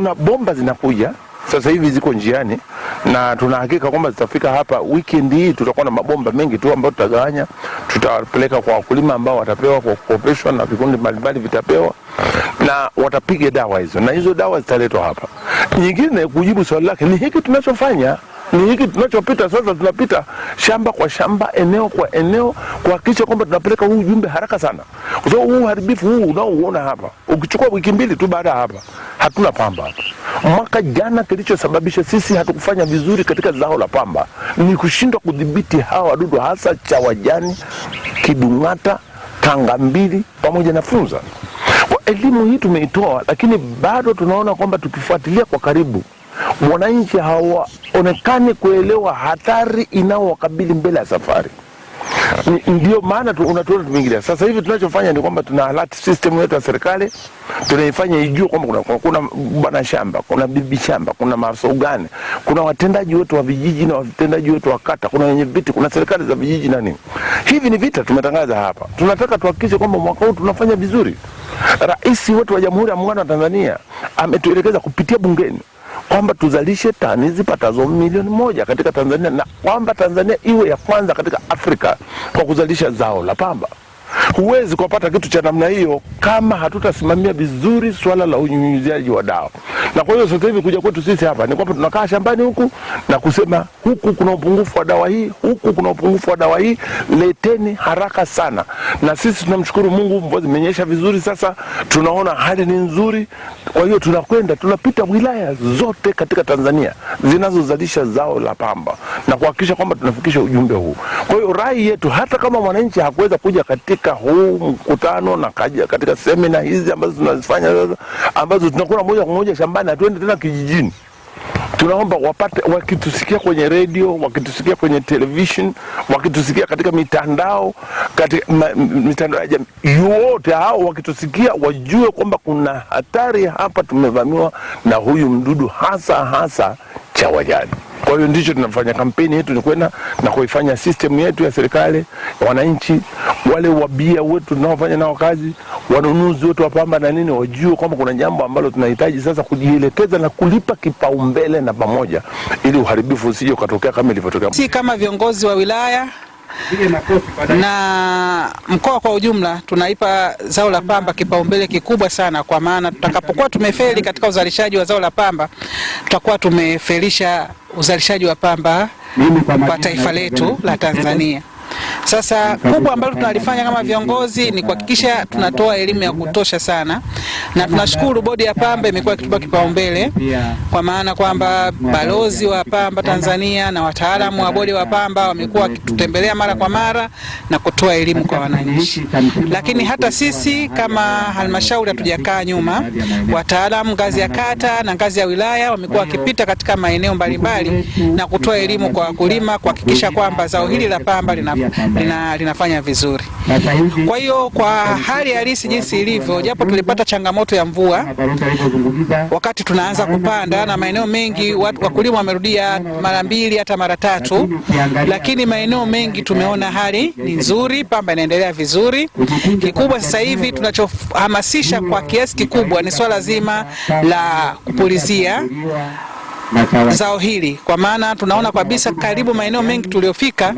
kuna bomba zinakuja sasa hivi ziko njiani na tunahakika kwamba zitafika hapa weekend hii. Tutakuwa na mabomba mengi tu ambayo tutagawanya, tutapeleka kwa wakulima ambao watapewa kwa kukopeshwa, na vikundi mbalimbali vitapewa na watapiga dawa hizo, na hizo dawa zitaletwa hapa. Nyingine kujibu swali lake ni hiki tunachofanya ni hiki tunachopita sasa. Tunapita shamba kwa shamba, eneo kwa eneo, kuhakikisha kwamba tunapeleka huu ujumbe haraka sana, kwa sababu huu uharibifu huu unaouona hapa, ukichukua wiki mbili tu baada ya hapa, hatuna pamba hapa. Mwaka jana kilichosababisha sisi hatukufanya vizuri katika zao la pamba ni kushindwa kudhibiti hawa wadudu, hasa chawajani, kidung'ata, tanga mbili pamoja na funza. Kwa elimu hii tumeitoa, lakini bado tunaona kwamba tukifuatilia kwa karibu wananchi hawa onekane kuelewa hatari inayowakabili mbele ya safari. Ndio maana tu, unatuona tumeingilia. Sasa hivi tunachofanya ni kwamba tuna alert system yetu ya serikali, tunaifanya ijue kwamba kuna, kuna, kuna bwana shamba, kuna bibi shamba, kuna maafisa ugani, kuna watendaji wetu wa vijiji na watendaji wetu wa kata, kuna wenye viti, kuna serikali za vijiji na nini. Hivi ni vita tumetangaza hapa. Tunataka tuhakikishe kwamba mwaka huu tunafanya vizuri. Rais wetu wa Jamhuri ya Muungano wa Tanzania ametuelekeza kupitia bungeni kwamba tuzalishe tani zipatazo milioni moja katika Tanzania na kwamba Tanzania iwe ya kwanza katika Afrika kwa kuzalisha zao la pamba. Huwezi kupata kitu cha namna hiyo kama hatutasimamia vizuri swala la unyunyiziaji wa dawa. Na kwa hiyo sasa hivi kuja kwetu sisi hapa ni kwamba tunakaa shambani huku na kusema huku kuna upungufu wa dawa hii, huku kuna upungufu wa dawa hii, leteni haraka sana. Na sisi tunamshukuru Mungu, mvua zimenyesha vizuri, sasa tunaona hali ni nzuri. Kwa hiyo tunakwenda tunapita wilaya zote katika Tanzania zinazozalisha zao la pamba na kuhakikisha kwamba tunafikisha ujumbe huu. Kwa hiyo rai yetu, hata kama mwananchi hakuweza kuja katika huu mkutano na kaja katika semina hizi ambazo tunazifanya sasa, ambazo tunakuwa moja kwa moja shambani, hatuendi tena kijijini tunaomba wapate wakitusikia kwenye redio, wakitusikia kwenye television, wakitusikia katika mitandao, katika mitandao ya jamii yote, hao wakitusikia wajue kwamba kuna hatari hapa, tumevamiwa na huyu mdudu, hasa hasa cha wajani. Kwa hiyo ndicho tunafanya, kampeni yetu ni kwenda na kuifanya system yetu ya serikali, wananchi wale wabia wetu tunaofanya nao kazi, wanunuzi wetu wa pamba na nini, wajue kwamba kuna jambo ambalo tunahitaji sasa kujielekeza na kulipa kipaumbele na pamoja, ili uharibifu usije ukatokea kama ilivyotokea. Si kama viongozi wa wilaya na mkoa kwa ujumla tunaipa zao la pamba kipaumbele kikubwa sana, kwa maana tutakapokuwa tumefeli katika uzalishaji wa zao la pamba tutakuwa tumefelisha uzalishaji wa pamba kwa taifa letu la Tanzania. Sasa kubwa ambalo tunalifanya kama viongozi ni kuhakikisha tunatoa elimu ya kutosha sana, na tunashukuru bodi ya Pamba imekuwa ikitupa kipaumbele, kwa maana kwamba balozi wa Pamba Tanzania na wataalamu wa bodi wa Pamba wamekuwa wakitutembelea mara kwa mara na kutoa elimu kwa wananchi. Lakini hata sisi kama halmashauri hatujakaa nyuma, wataalamu ngazi ya kata na ngazi ya wilaya wamekuwa wakipita katika maeneo mbalimbali na kutoa elimu kwa wakulima kuhakikisha kwamba zao hili la pamba lina lina, linafanya vizuri. Kwa hiyo kwa hali halisi jinsi ilivyo, japo tulipata changamoto ya mvua wakati tunaanza kupanda, na maeneo mengi wakulima wamerudia mara mbili hata mara tatu, lakini maeneo mengi tumeona hali ni nzuri, pamba inaendelea vizuri. Kikubwa sasa hivi tunachohamasisha kwa kiasi kikubwa ni swala zima la kupulizia zao hili, kwa maana tunaona kabisa karibu maeneo mengi tuliofika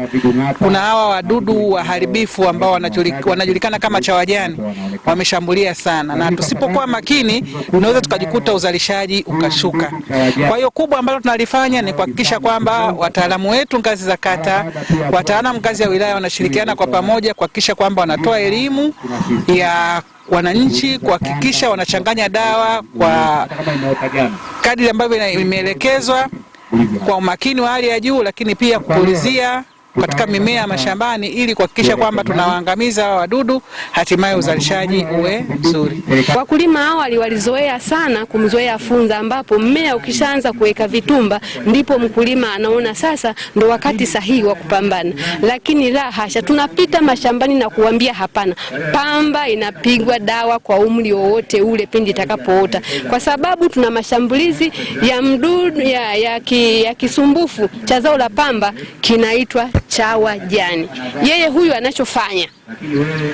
kuna hawa wadudu waharibifu ambao wanajulikana kama chawajani wameshambulia sana, na tusipokuwa makini tunaweza tukajikuta uzalishaji ukashuka. Kwa hiyo kubwa ambalo tunalifanya ni kuhakikisha kwamba wataalamu wetu ngazi za kata, wataalamu ngazi ya wilaya wanashirikiana kwa pamoja kuhakikisha kwamba wanatoa elimu ya wananchi kuhakikisha wanachanganya dawa kwa kadiri ambavyo imeelekezwa kwa umakini wa hali ya juu, lakini pia kupulizia katika mimea mashambani ili kuhakikisha kwamba tunawaangamiza hawa wadudu, hatimaye uzalishaji uwe mzuri. Wakulima awali walizoea sana kumzoea funza, ambapo mmea ukishaanza kuweka vitumba ndipo mkulima anaona sasa ndo wakati sahihi wa kupambana, lakini la hasha, tunapita mashambani na kuambia hapana. Pamba inapigwa dawa kwa umri wowote ule pindi itakapoota, kwa sababu tuna mashambulizi ya mdudu ya, ya, ki, ya kisumbufu cha zao la pamba kinaitwa chawa jani. Yeye huyu anachofanya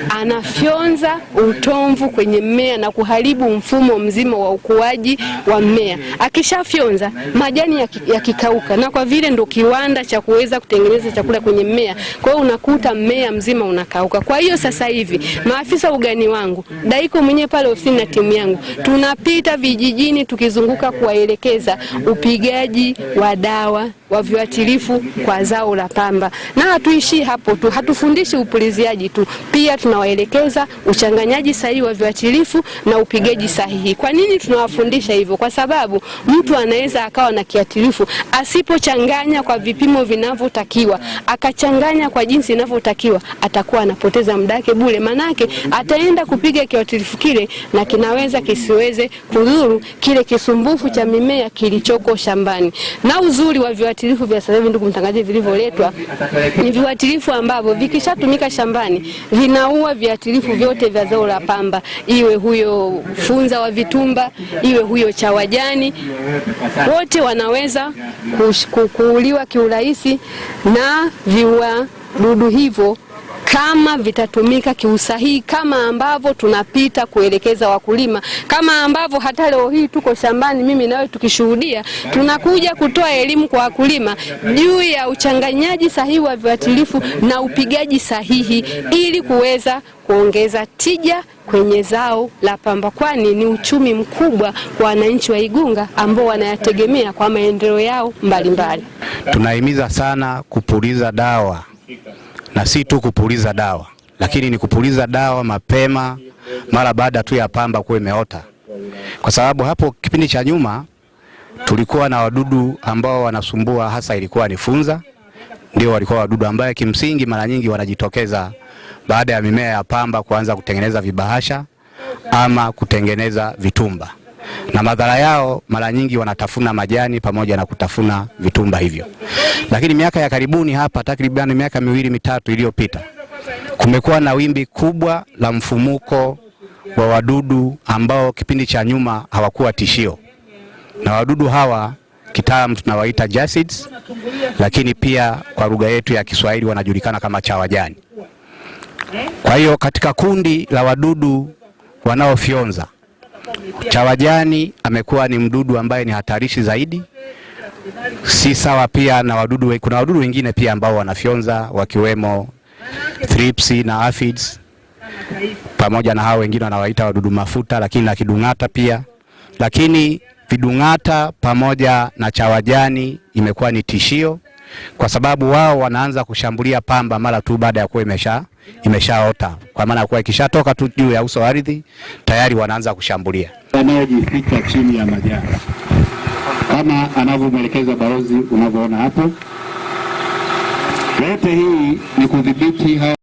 anafyonza utomvu kwenye mmea na kuharibu mfumo mzima wa ukuaji wa mmea. Akishafyonza majani yakikauka, na kwa vile ndo kiwanda cha kuweza kutengeneza chakula kwenye mmea, kwa hiyo unakuta mmea mzima unakauka. Kwa hiyo sasa hivi maafisa ugani wangu Daiko mwenyewe pale ofisini na timu yangu tunapita vijijini tukizunguka kuwaelekeza upigaji wa dawa wa viuatilifu kwa zao la pamba. Na hatuishii hapo tu, hatufundishi upuliziaji tu, pia tunawaelekeza uchanganyaji sahihi wa viuatilifu na upigaji sahihi. Kwa nini tunawafundisha hivyo? Kwa sababu mtu anaweza akawa na kiuatilifu asipochanganya kwa vipimo vinavyotakiwa, akachanganya kwa jinsi inavyotakiwa, atakuwa anapoteza muda wake bure, manake ataenda kupiga kiuatilifu kile na kinaweza kisiweze kudhuru kile kisumbufu cha mimea kilichoko shambani. Na uzuri wa viuatilifu viwatilifu vya sasa hivi, ndugu mtangazaji, vilivyoletwa ni viwatilifu ambavyo vikishatumika shambani vinaua viwatilifu vyote vya zao la pamba, iwe huyo funza wa vitumba, iwe huyo chawajani, wote wanaweza kuuliwa kiurahisi na viwadudu dudu hivyo kama vitatumika kiusahihi, kama ambavyo tunapita kuelekeza wakulima, kama ambavyo hata leo hii tuko shambani, mimi nawe tukishuhudia, tunakuja kutoa elimu kwa wakulima juu ya uchanganyaji sahihi wa viuatilifu na upigaji sahihi ili kuweza kuongeza tija kwenye zao la pamba, kwani ni uchumi mkubwa kwa wananchi wa Igunga ambao wanayategemea kwa maendeleo yao mbalimbali Tunahimiza sana kupuliza dawa na si tu kupuliza dawa, lakini ni kupuliza dawa mapema mara baada tu ya pamba kuwa imeota, kwa sababu hapo kipindi cha nyuma tulikuwa na wadudu ambao wanasumbua, hasa ilikuwa ni funza, ndio walikuwa wadudu ambaye kimsingi mara nyingi wanajitokeza baada ya mimea ya pamba kuanza kutengeneza vibahasha ama kutengeneza vitumba na madhara yao mara nyingi wanatafuna majani pamoja na kutafuna vitumba hivyo. Lakini miaka ya karibuni hapa, takriban miaka miwili mitatu iliyopita, kumekuwa na wimbi kubwa la mfumuko wa wadudu ambao kipindi cha nyuma hawakuwa tishio, na wadudu hawa kitaalamu tunawaita jasids, lakini pia kwa lugha yetu ya Kiswahili wanajulikana kama chawajani. Kwa hiyo katika kundi la wadudu wanaofyonza Tawajani amekuwa ni mdudu ambaye ni hatarishi zaidi, si sawa pia na wadudu. Kuna wadudu wengine pia ambao wanafyonza wakiwemo thrips na aphids, pamoja na hao wengine wanawaita wadudu mafuta, lakini na kidung'ata pia. Lakini vidung'ata pamoja na chawajani imekuwa ni tishio kwa sababu wao wanaanza kushambulia pamba mara tu baada ya kuwa imesha imeshaota, kwa maana kuwa ikishatoka tu juu ya uso wa ardhi tayari wanaanza kushambulia. Wanaojificha chini ya majani kama anavyomwelekeza balozi, unavyoona hapo, yote hii ni kudhibiti